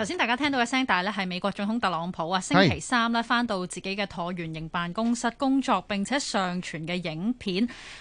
頭先大家聽到嘅聲帶咧係美國總統特朗普啊，星期三咧翻到自己嘅橢圓形辦公室工作，並且上傳嘅影片。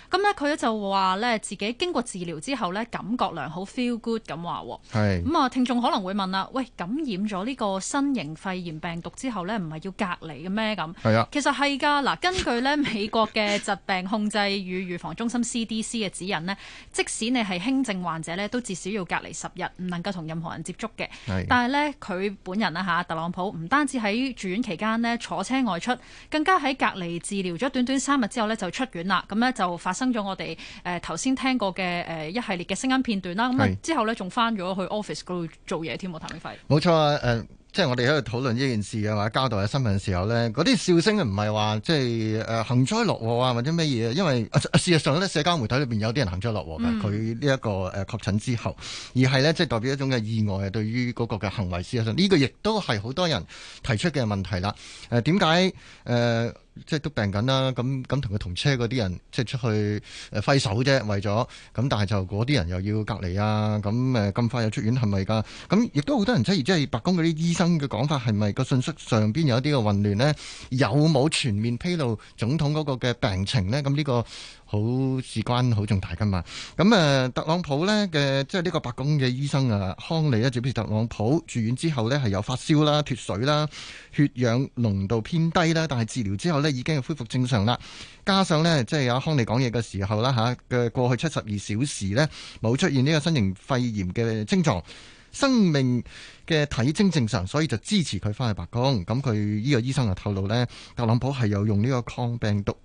咁咧佢咧就話咧自己經過治療之後咧感覺良好，feel good 咁話，係的。咁啊，聽眾可能會問啦，喂，感染咗呢個新型肺炎病毒之後咧，唔係要隔離嘅咩咁？係啊的。其實係噶嗱， 根據咧美國嘅疾病控制與預防中心 CDC 嘅指引咧，即使你係輕症患者咧，都至少要隔離十日，唔能夠同任何人接觸嘅。是的但係咧。佢本人啦吓，特朗普唔單止喺住院期間呢坐車外出，更加喺隔離治療咗短短三日之後呢就出院啦。咁呢就發生咗我哋誒頭先聽過嘅誒、呃、一系列嘅聲音片段啦。咁啊是之後呢，仲翻咗去 office 嗰度做嘢添，冇譚永輝？冇錯啊，呃即係我哋喺度討論呢件事嘅話，或者交代嘅新聞嘅時候呢，嗰啲笑聲啊，唔係話即係誒幸災樂禍啊，或者咩嘢，因為、啊、事實上咧，社交媒體裏邊有啲人幸災樂禍嘅，佢呢一個誒確診之後，而係呢，即係代表一種嘅意外啊，對於嗰個嘅行為事實上，呢個亦都係好多人提出嘅問題啦。誒、呃，點解誒？呃即係都病緊啦，咁咁同佢同車嗰啲人，即係出去誒揮手啫，為咗咁，但係就嗰啲人又要隔離啊，咁誒咁快又出院係咪噶？咁亦都好多人質疑即係白宮嗰啲醫生嘅講法係咪個信息上邊有一啲嘅混亂咧？有冇全面披露總統嗰個嘅病情咧？咁、這、呢個好事關好重大噶嘛？咁誒特朗普咧嘅即係呢個白宮嘅醫生啊康利啊，接住特朗普住院之後咧，係有發燒啦、脫水啦、血氧濃度偏低啦，但係治療之後咧。已經係恢復正常啦，加上呢，即係阿康利講嘢嘅時候啦吓嘅過去七十二小時呢，冇出現呢個新型肺炎嘅症狀，生命嘅體徵正常，所以就支持佢翻去白宮。咁佢呢個醫生就透露呢，特朗普係有用呢個抗病毒，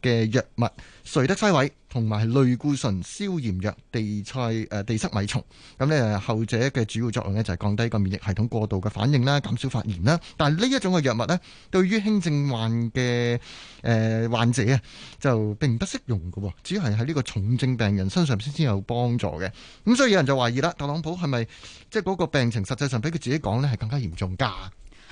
嘅藥物，瑞德西韋同埋係類固醇消炎藥地塞誒地塞米松。咁呢後者嘅主要作用呢，就係降低個免疫系統過度嘅反應啦，減少發炎啦。但係呢一種嘅藥物呢，對於輕症患嘅誒、呃、患者啊，就並不適用嘅。只係喺呢個重症病人身上先先有幫助嘅。咁所以有人就懷疑啦，特朗普係咪即係嗰個病情實際上比佢自己講呢，係更加嚴重噶？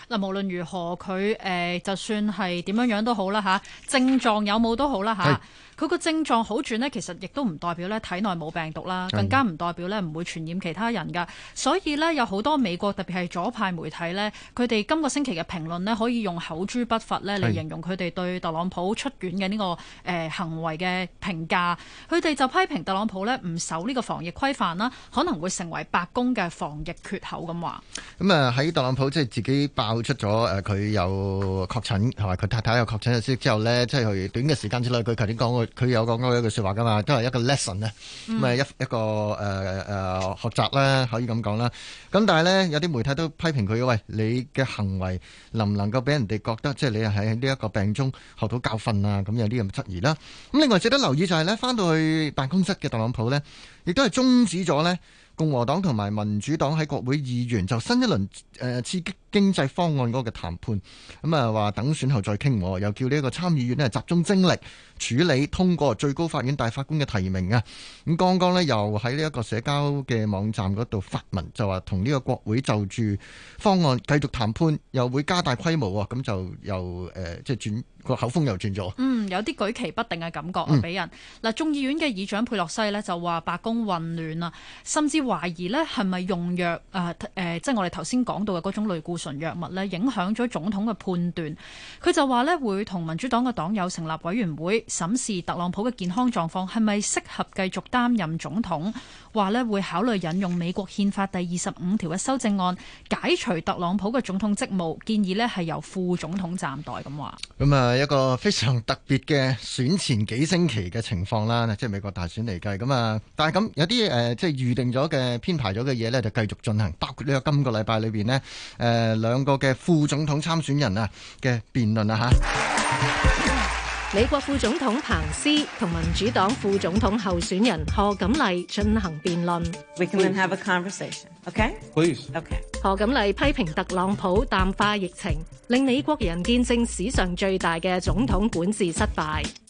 嗱，無論如何，佢誒、呃、就算係點樣樣都好啦嚇，症狀有冇都好啦嚇，佢個是症狀好轉呢，其實亦都唔代表咧體內冇病毒啦，更加唔代表咧唔會傳染其他人㗎。所以呢，有好多美國特別係左派媒體呢，佢哋今個星期嘅評論呢，可以用口誅筆伐咧嚟形容佢哋對特朗普出院嘅呢、這個誒、呃、行為嘅評價。佢哋就批評特朗普呢唔守呢個防疫規範啦，可能會成為白宮嘅防疫缺口咁話。咁啊，喺特朗普即係自己出咗誒，佢有確診同埋佢太太有確診嘅消息之後呢，即係佢短嘅時間之內，佢頭先講佢，佢有講過一句説話㗎嘛，都係一個 lesson 咧、嗯，咁啊一一個誒誒、呃呃、學習啦，可以咁講啦。咁但係呢，有啲媒體都批評佢，喂，你嘅行為能唔能夠俾人哋覺得，即係你喺呢一個病中學到教訓啊？咁有啲咁質疑啦。咁另外值得留意就係呢，返到去辦公室嘅特朗普呢，亦都係中止咗呢。共和黨同埋民主黨喺國會議員就新一輪誒刺激經濟方案嗰個談判，咁啊話等選後再傾，又叫呢一個參議院咧集中精力處理通過最高法院大法官嘅提名啊！咁剛剛咧又喺呢一個社交嘅網站嗰度發文，就話同呢個國會就住方案繼續談判，又會加大規模啊！咁、呃、就又誒即係轉。個口風又轉咗，嗯，有啲舉棋不定嘅感覺俾人。嗱、嗯，眾議院嘅議長佩洛西呢，就話白宮混亂啊，甚至懷疑呢係咪用藥誒誒、呃呃，即係我哋頭先講到嘅嗰種類固醇藥物呢，影響咗總統嘅判斷。佢就話呢會同民主黨嘅黨友成立委員會審視特朗普嘅健康狀況係咪適合繼續擔任總統。話咧會考慮引用美國憲法第二十五條嘅修正案，解除特朗普嘅總統職務，建議咧係由副總統暫代咁話。咁啊一個非常特別嘅選前幾星期嘅情況啦，即係美國大選嚟計咁啊，但係咁有啲誒即係預定咗嘅編排咗嘅嘢呢，就繼續進行，包括呢個今個禮拜裏邊呢誒兩個嘅副總統參選人啊嘅辯論啊吓。 美國副總統彭斯同民主黨副總統候選人賀錦麗進行辯論。We can then have a conversation, okay? Please, okay. 賀錦麗批評特朗普淡化疫情，令美國人見證史上最大嘅總統管治失敗。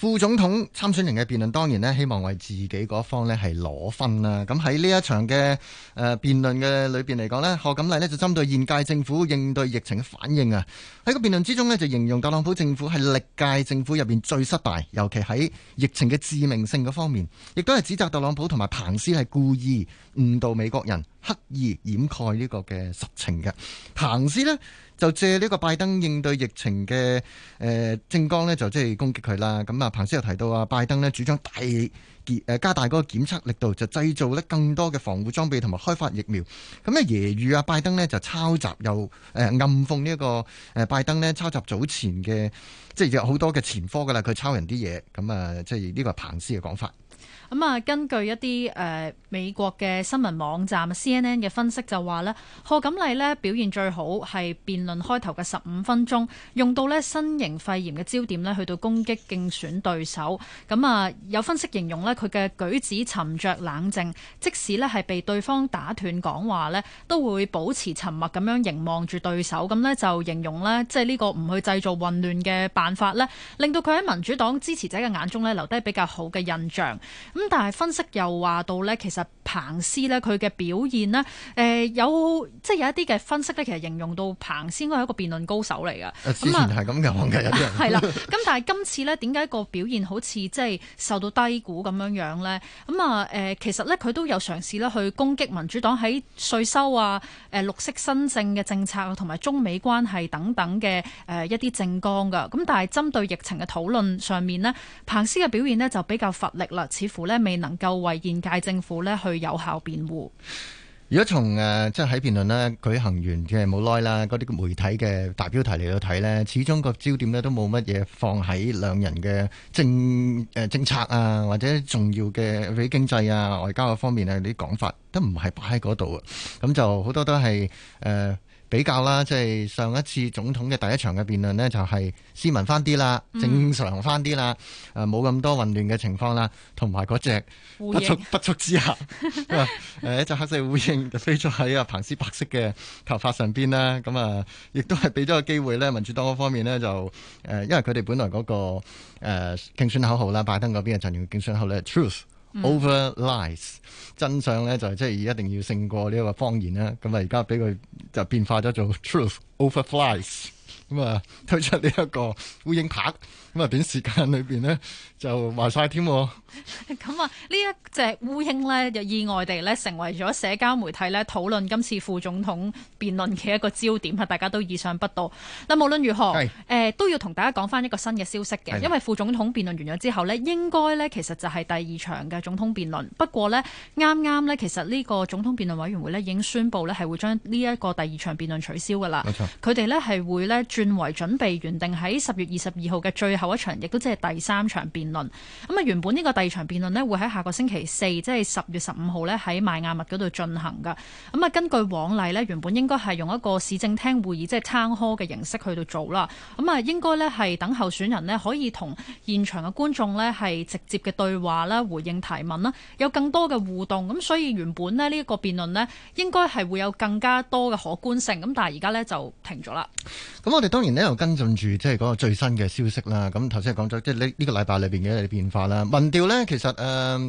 副總統參選人嘅辯論，當然咧希望為自己嗰方咧係攞分啦。咁喺呢一場嘅誒辯論嘅裏邊嚟講呢，賀錦麗咧就針對現屆政府應對疫情嘅反應啊，喺個辯論之中咧就形容特朗普政府係歷屆政府入邊最失敗，尤其喺疫情嘅致命性嘅方面，亦都係指責特朗普同埋彭斯係故意誤導美國人。刻意掩蓋呢個嘅實情嘅，彭斯呢，就借呢個拜登應對疫情嘅誒、呃、政綱呢，就即係攻擊佢啦。咁啊，彭斯又提到啊，拜登呢，主張大檢加大嗰個檢測力度，就製造呢更多嘅防護裝備同埋開發疫苗。咁啊，揶揄啊，拜登呢，就抄襲又誒、呃、暗諷呢、呢個誒拜登呢，抄襲早前嘅即係有好多嘅前科噶啦，佢抄人啲嘢。咁啊，即係呢個彭斯嘅講法。咁啊，根據一啲誒、呃、美國嘅新聞網站 CNN 嘅分析就話呢，賀錦麗呢，表現最好，係辯論開頭嘅十五分鐘，用到呢新型肺炎嘅焦點呢去到攻擊競選對手。咁、嗯、啊，有分析形容呢佢嘅舉止沉着冷靜，即使呢係被對方打斷講話呢都會保持沉默咁樣凝望住對手。咁呢就形容即係呢個唔去製造混亂嘅辦法呢令到佢喺民主黨支持者嘅眼中呢留低比較好嘅印象。咁但係分析又話到咧，其實彭斯咧佢嘅表現呢，誒、呃、有即係有一啲嘅分析咧，其實形容到彭斯應該係一個辯論高手嚟㗎。之前係咁㗎，王家欣。係啦，咁但係今次呢，點解個表現好似即係受到低估咁樣樣呢？咁啊誒，其實呢，佢都有嘗試咧去攻擊民主黨喺稅收啊、誒綠色新政嘅政策同埋中美關係等等嘅誒一啲政綱㗎。咁但係針對疫情嘅討論上面呢，彭斯嘅表現呢就比較乏力啦，似乎。咧未能夠為現屆政府咧去有效辯護。如果從誒，即係喺辯論咧舉行完嘅冇耐啦，嗰啲媒體嘅大標題嚟到睇咧，始終個焦點咧都冇乜嘢放喺兩人嘅政誒、呃、政策啊，或者重要嘅俾經濟啊、外交方面啊啲講法都不是在那裡，都唔係擺喺嗰度啊。咁就好多都係誒。呃比較啦，即、就、係、是、上一次總統嘅第一場嘅辯論呢，就係斯文翻啲啦，正常翻啲啦，冇咁、嗯、多混亂嘅情況啦，同埋嗰隻不速應不速之客，一隻 黑色烏蠅就飛咗喺阿彭斯白色嘅頭髮上邊啦，咁啊，亦都係俾咗個機會呢，民主黨嗰方面呢，就誒，因為佢哋本來嗰、那個誒競選口號啦，拜登嗰邊嘅陣營競選口號咧，truth。Over lies，真相咧就即係一定要勝過呢一個謊言啦。咁啊，而家俾佢就變化咗做 truth over lies。咁啊、嗯、推出呢一個烏蠅拍，咁啊短時間裏邊呢就話晒添。咁啊呢一隻烏蠅呢，就意外地呢成為咗社交媒體呢討論今次副總統辯論嘅一個焦點，係大家都意想不到。嗱，無論如何，誒是、呃、都要同大家講翻一個新嘅消息嘅，的因為副總統辯論完咗之後呢，應該呢，其實就係第二場嘅總統辯論。不過呢，啱啱呢，其實呢個總統辯論委員會呢，已經宣布呢，係會將呢一個第二場辯論取消㗎啦。冇錯，佢哋呢，係會呢。轉為準備原定喺十月二十二號嘅最後一場，亦都即係第三場辯論。咁啊，原本呢個第二場辯論咧會喺下個星期四，即係十月十五號呢喺邁亞密嗰度進行噶。咁啊，根據往例呢，原本應該係用一個市政廳會議，即係 town hall 嘅形式去到做啦。咁啊，應該咧係等候選人呢可以同現場嘅觀眾呢係直接嘅對話啦，回應提問啦，有更多嘅互動。咁所以原本呢，呢一個辯論咧應該係會有更加多嘅可觀性。咁但係而家呢，就停咗啦。咁我哋。當然呢又跟進住即係嗰個最新嘅消息啦。咁頭先講咗，即係呢呢個禮拜裏邊嘅變化啦。民調呢，其實誒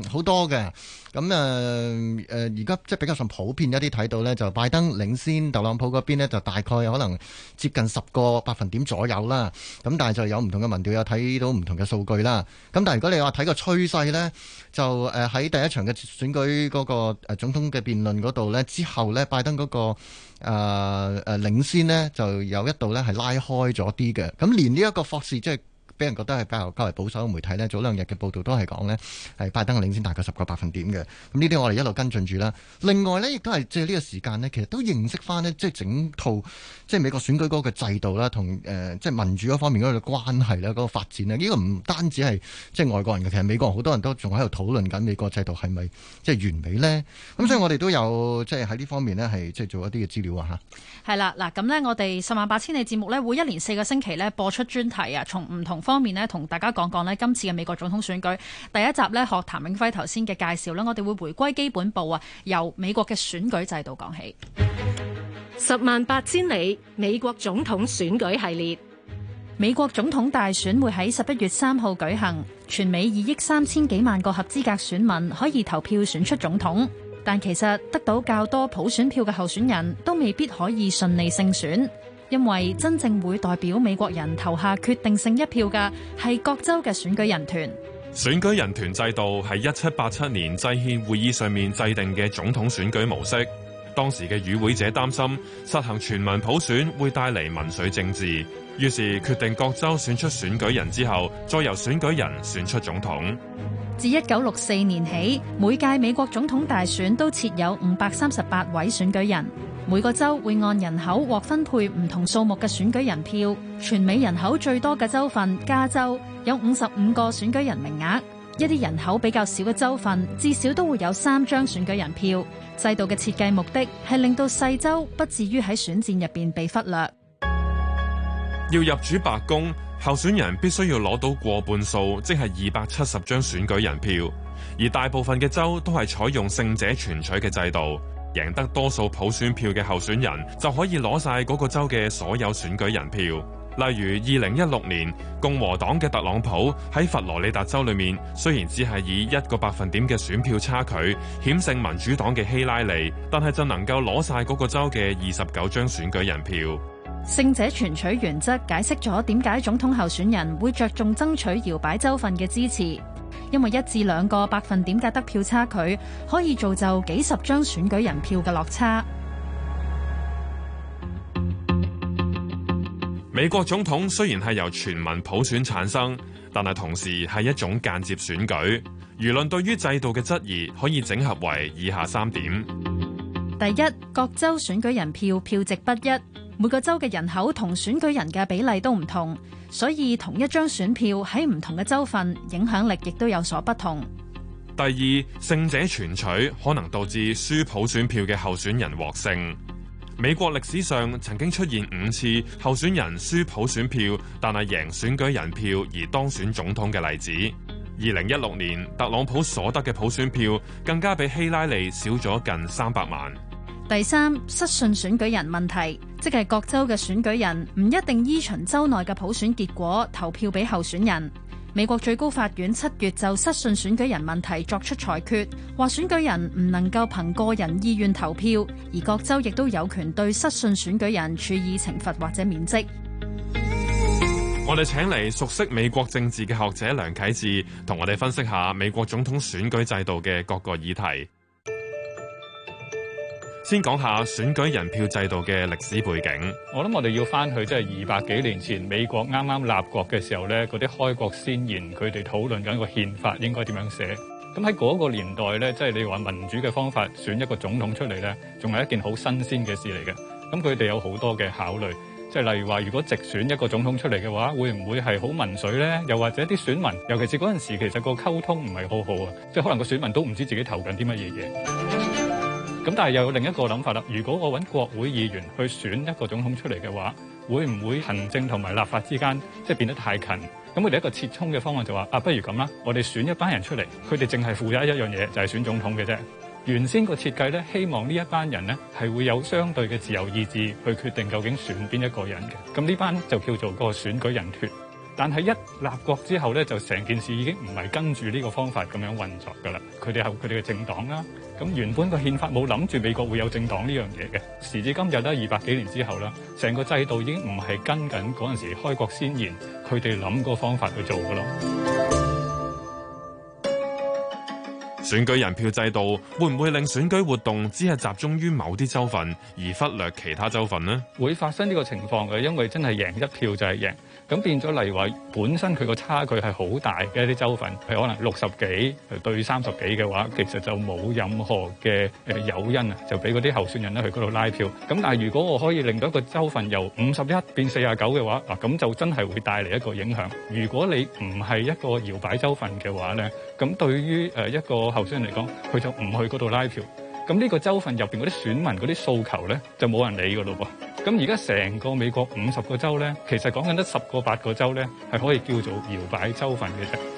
好、呃、多嘅。咁誒而家即係比較上普遍一啲睇到呢，就拜登領先特朗普嗰邊呢，就大概可能接近十個百分點左右啦。咁但係就有唔同嘅民調，有睇到唔同嘅數據啦。咁但係如果你話睇個趨勢呢，就喺第一場嘅選舉嗰個總統嘅辯論嗰度呢，之後呢，拜登嗰個。誒誒、呃呃、領先咧就有一度咧係拉開咗啲嘅，咁連呢一個霍士，即係。俾人覺得係比較較為保守嘅媒體呢，早兩日嘅報導都係講呢，係拜登係領先大概十個百分點嘅。咁呢啲我哋一路跟進住啦。另外呢，亦都係即係呢個時間呢，其實都認識返呢，即係整套即係美國選舉嗰個制度啦，同誒即係民主嗰方面嗰個關係啦，嗰個發展呢，呢個唔單止係即係外國人嘅，其實美國好多人都仲喺度討論緊美國制度係咪即係完美呢。咁所以我哋都有即係喺呢方面呢，係即係做一啲嘅資料啊吓。係啦，嗱咁呢，我哋十萬八千里節目呢，會一連四個星期呢播出專題啊，從唔同方面呢，同大家講講呢今次嘅美國總統選舉。第一集咧，學譚永輝頭先嘅介紹啦，我哋會回歸基本部啊，由美國嘅選舉制度講起。十萬八千里美國總統選舉系列，美國總統大選會喺十一月三號舉行，全美二億三千幾萬個合資格選民可以投票選出總統，但其實得到較多普選票嘅候選人都未必可以順利勝選。因為真正會代表美國人投下決定性一票嘅係各州嘅選舉人團。選舉人團制度係一七八七年制憲會議上面制定嘅總統選舉模式。當時嘅與會者擔心實行全民普選會帶嚟民粹政治，於是決定各州選出選舉人之後，再由選舉人選出總統。自一九六四年起，每屆美國總統大選都設有五百三十八位選舉人。每個州會按人口獲分配唔同數目嘅選舉人票。全美人口最多嘅州份加州有五十五個選舉人名額，一啲人口比較少嘅州份至少都會有三張選舉人票。制度嘅設計目的係令到細州不至於喺選戰入邊被忽略。要入主白宮，候選人必須要攞到過半數，即係二百七十張選舉人票。而大部分嘅州都係採用勝者全取嘅制度。贏得多數普選票嘅候選人就可以攞晒嗰個州嘅所有選舉人票。例如二零一六年共和黨嘅特朗普喺佛羅里達州裏面，雖然只係以一個百分點嘅選票差距險勝民主黨嘅希拉里，但係就能夠攞晒嗰個州嘅二十九張選舉人票。勝者全取原則解釋咗點解總統候選人會着重爭取搖擺州份嘅支持。因為一至兩個百分點嘅得票差距，可以造就幾十張選舉人票嘅落差。美國總統雖然係由全民普選產生，但係同時係一種間接選舉。輿論對於制度嘅質疑，可以整合為以下三點：第一，各州選舉人票票值不一。每個州嘅人口同選舉人嘅比例都唔同，所以同一張選票喺唔同嘅州份，影響力亦都有所不同。第二，勝者全取可能導致輸普選票嘅候選人獲勝。美國歷史上曾經出現五次候選人輸普選票，但係贏選舉人票而當選總統嘅例子。二零一六年特朗普所得嘅普選票更加比希拉里少咗近三百萬。第三，失信選舉人問題，即係各州嘅選舉人唔一定依循州內嘅普選結果投票俾候選人。美國最高法院七月就失信選舉人問題作出裁決，話選舉人唔能夠憑個人意願投票，而各州亦都有權對失信選舉人處以懲罰或者免職。我哋請嚟熟悉美國政治嘅學者梁啟智，同我哋分析下美國總統選舉制度嘅各個議題。先講下選舉人票制度嘅歷史背景。我諗我哋要翻去即係二百幾年前美國啱啱立國嘅時候咧，嗰啲開國先賢，佢哋討論緊個憲法應該點樣寫。咁喺嗰個年代咧，即係你話民主嘅方法選一個總統出嚟咧，仲係一件好新鮮嘅事嚟嘅。咁佢哋有好多嘅考慮，即係例如話，如果直選一個總統出嚟嘅話，會唔會係好民粹咧？又或者啲選民，尤其是嗰陣時，其實個溝通唔係好好啊，即係可能個選民都唔知自己投緊啲乜嘢嘢。咁但係又有另一個諗法啦。如果我搵國會議員去選一個總統出嚟嘅話，會唔會行政同埋立法之間即係變得太近？咁佢哋一個折衷嘅方案就話、是：啊，不如咁啦，我哋選一班人出嚟，佢哋淨係負責一樣嘢，就係、是、選總統嘅啫。原先個設計咧，希望一呢一班人咧，係會有相對嘅自由意志去決定究竟選邊一個人嘅。咁呢班就叫做個選舉人團。但係一立國之後咧，就成件事已經唔係跟住呢個方法咁樣運作嘅啦。佢哋有佢哋嘅政黨啦、啊。咁原本個憲法冇諗住美國會有政黨呢樣嘢嘅。時至今日啦，二百幾年之後啦，成個制度已經唔係跟緊嗰陣時開國先賢，佢哋諗個方法去做嘅咯。選舉人票制度會唔會令選舉活動只係集中於某啲州份，而忽略其他州份呢？會發生呢個情況嘅，因為真係贏一票就係贏。咁變咗，例如話本身佢個差距係好大嘅一啲州份，係可能六十幾對三十幾嘅話，其實就冇任何嘅誘因啊，就俾嗰啲候選人咧去嗰度拉票。咁但係如果我可以令到一個州份由五十一變四十九嘅話，嗱咁就真係會帶嚟一個影響。如果你唔係一個搖擺州份嘅話咧，咁對於誒一個候選人嚟講，佢就唔去嗰度拉票。咁呢個州份入邊嗰啲選民嗰啲訴求咧，就冇人理㗎咯噃。咁而家成個美國五十個州呢，其實講緊得十個八個州呢，係可以叫做搖擺州份嘅啫。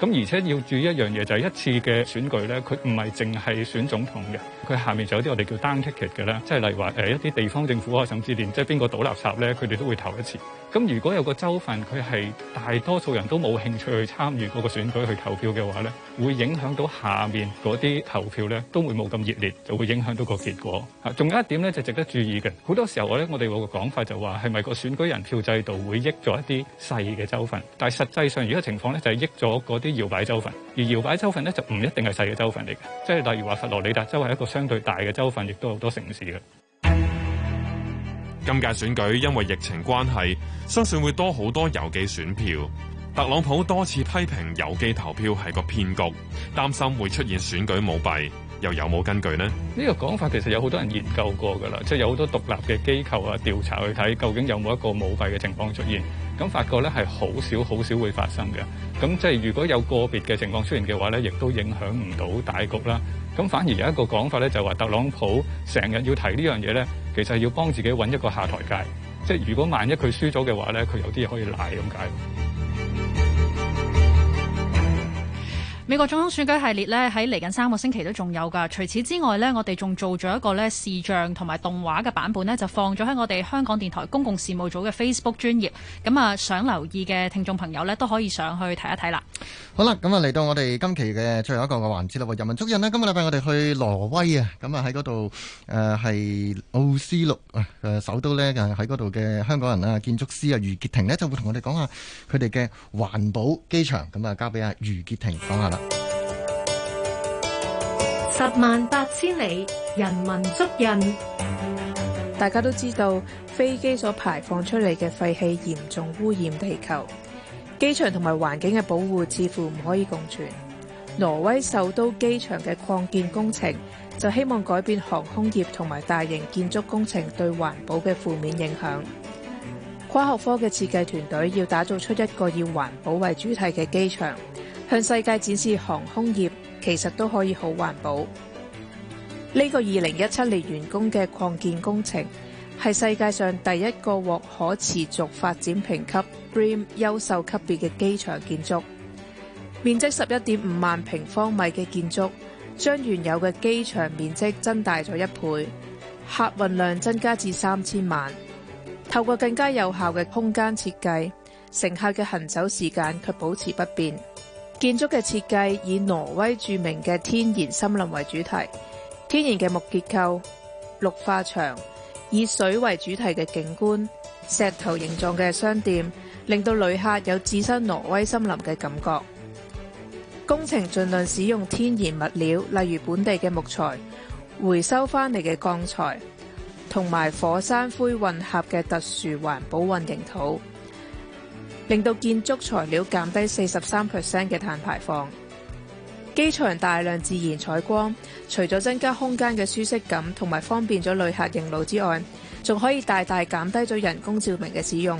咁而且要注意一樣嘢就係、是、一次嘅選舉咧，佢唔係淨係選總統嘅，佢下面就有啲我哋叫 down ticket 嘅啦，即係例如話一啲地方政府啊，甚至連即係邊個倒垃圾咧，佢哋都會投一次。咁如果有個州份佢係大多數人都冇興趣去參與嗰個選舉去投票嘅話咧，會影響到下面嗰啲投票咧都會冇咁熱烈，就會影響到個結果。仲有一點咧就值得注意嘅，好多時候呢我咧我哋個講法就話係咪個選舉人票制度會益咗一啲細嘅州份？但係實際上如果情況咧就係、是、益咗嗰啲。搖擺州份，而搖擺州份咧就唔一定係細嘅州份嚟嘅，即係例如話佛羅里達州係一個相對大嘅州份，亦都好多城市嘅。今屆選舉因為疫情關係，相信會多好多郵寄選票。特朗普多次批評郵寄投票係個騙局，擔心會出現選舉舞弊，又有冇根據呢？呢個講法其實有好多人研究過噶啦，即係有好多獨立嘅機構啊調查去睇，究竟有冇一個舞弊嘅情況出現？咁發覺咧係好少好少會發生嘅，咁即係如果有個別嘅情況出現嘅話咧，亦都影響唔到大局啦。咁反而有一個講法咧，就係話特朗普成日要提呢樣嘢咧，其實要幫自己揾一個下台階，即係如果萬一佢輸咗嘅話咧，佢有啲嘢可以賴咁解。美國總統選舉系列咧，喺嚟緊三個星期都仲有噶。除此之外咧，我哋仲做咗一個咧視像同埋動畫嘅版本咧，就放咗喺我哋香港電台公共事務組嘅 Facebook 專頁。咁啊，想留意嘅聽眾朋友咧，都可以上去睇一睇啦。好啦，咁啊，嚟到我哋今期嘅最後一個環節啦，人文足印啦。今個禮拜我哋去挪威啊，咁啊喺嗰度誒係奧斯陸啊，誒首都呢，就喺嗰度嘅香港人啊，建築師啊，余潔婷呢就會同我哋講下佢哋嘅環保機場。咁啊，交俾阿余潔婷講下啦。十萬八千里，人文足印。大家都知道，飛機所排放出嚟嘅廢氣嚴重污染地球，機場同埋環境嘅保護似乎唔可以共存。挪威首都機場嘅擴建工程就希望改變航空業同埋大型建築工程對環保嘅負面影響。跨學科嘅設計團隊要打造出一個以環保為主題嘅機場，向世界展示航空業。其實都可以好環保。呢、這個二零一七年完工嘅擴建工程，係世界上第一個獲可持續發展評級 BREEAM 優秀級別嘅機場建築。面積十一點五萬平方米嘅建築，將原有嘅機場面積增大咗一倍，客運量增加至三千萬。透過更加有效嘅空間設計，乘客嘅行走時間卻保持不變。建築嘅設計以挪威著名嘅天然森林為主題，天然嘅木結構、綠化牆、以水為主題嘅景觀、石頭形狀嘅商店，令到旅客有置身挪威森林嘅感覺。工程盡量使用天然物料，例如本地嘅木材、回收翻嚟嘅鋼材，同埋火山灰混合嘅特殊環保混凝土。令到建築材料減低四十三 percent 嘅碳排放。機場大量自然採光，除咗增加空間嘅舒適感同埋方便咗旅客認路之外，仲可以大大減低咗人工照明嘅使用。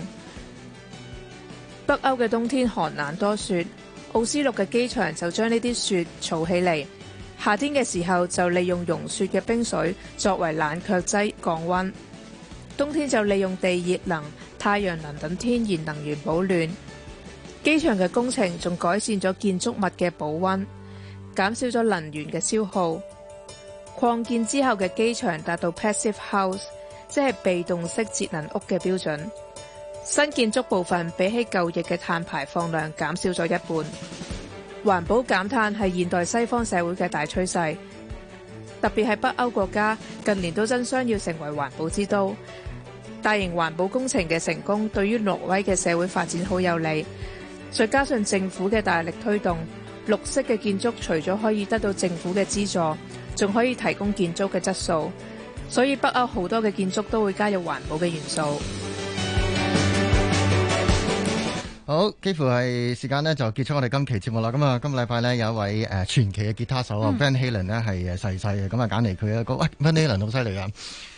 北歐嘅冬天寒冷多雪，奧斯陸嘅機場就將呢啲雪儲起嚟，夏天嘅時候就利用融雪嘅冰水作為冷卻劑降溫，冬天就利用地熱能。太陽能等天然能源保暖，機場嘅工程仲改善咗建築物嘅保溫，減少咗能源嘅消耗。擴建之後嘅機場達到 Passive House，即係被動式節能屋嘅標準。新建築部分比起舊翼嘅碳排放量減少咗一半。環保減碳係現代西方社會嘅大趨勢，特別係北歐國家近年都爭相要成為環保之都。大型環保工程嘅成功，對於挪威嘅社會發展好有利。再加上政府嘅大力推動，綠色嘅建築除咗可以得到政府嘅資助，仲可以提供建築嘅質素。所以北歐好多嘅建築都會加入環保嘅元素。好，幾乎係時間就結束我哋今期節目啦。咁啊，今個禮拜呢，有一位誒傳奇嘅吉他手 Van Halen 呢係細細嘅，咁啊揀嚟佢啊，喂 Van Halen 好犀利啊！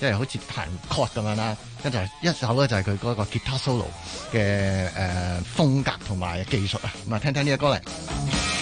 即係好似彈 core 咁樣啦，一住一首咧就係佢嗰個吉他 solo 嘅、呃、風格同埋技術啊，咁啊聽聽呢個歌嚟。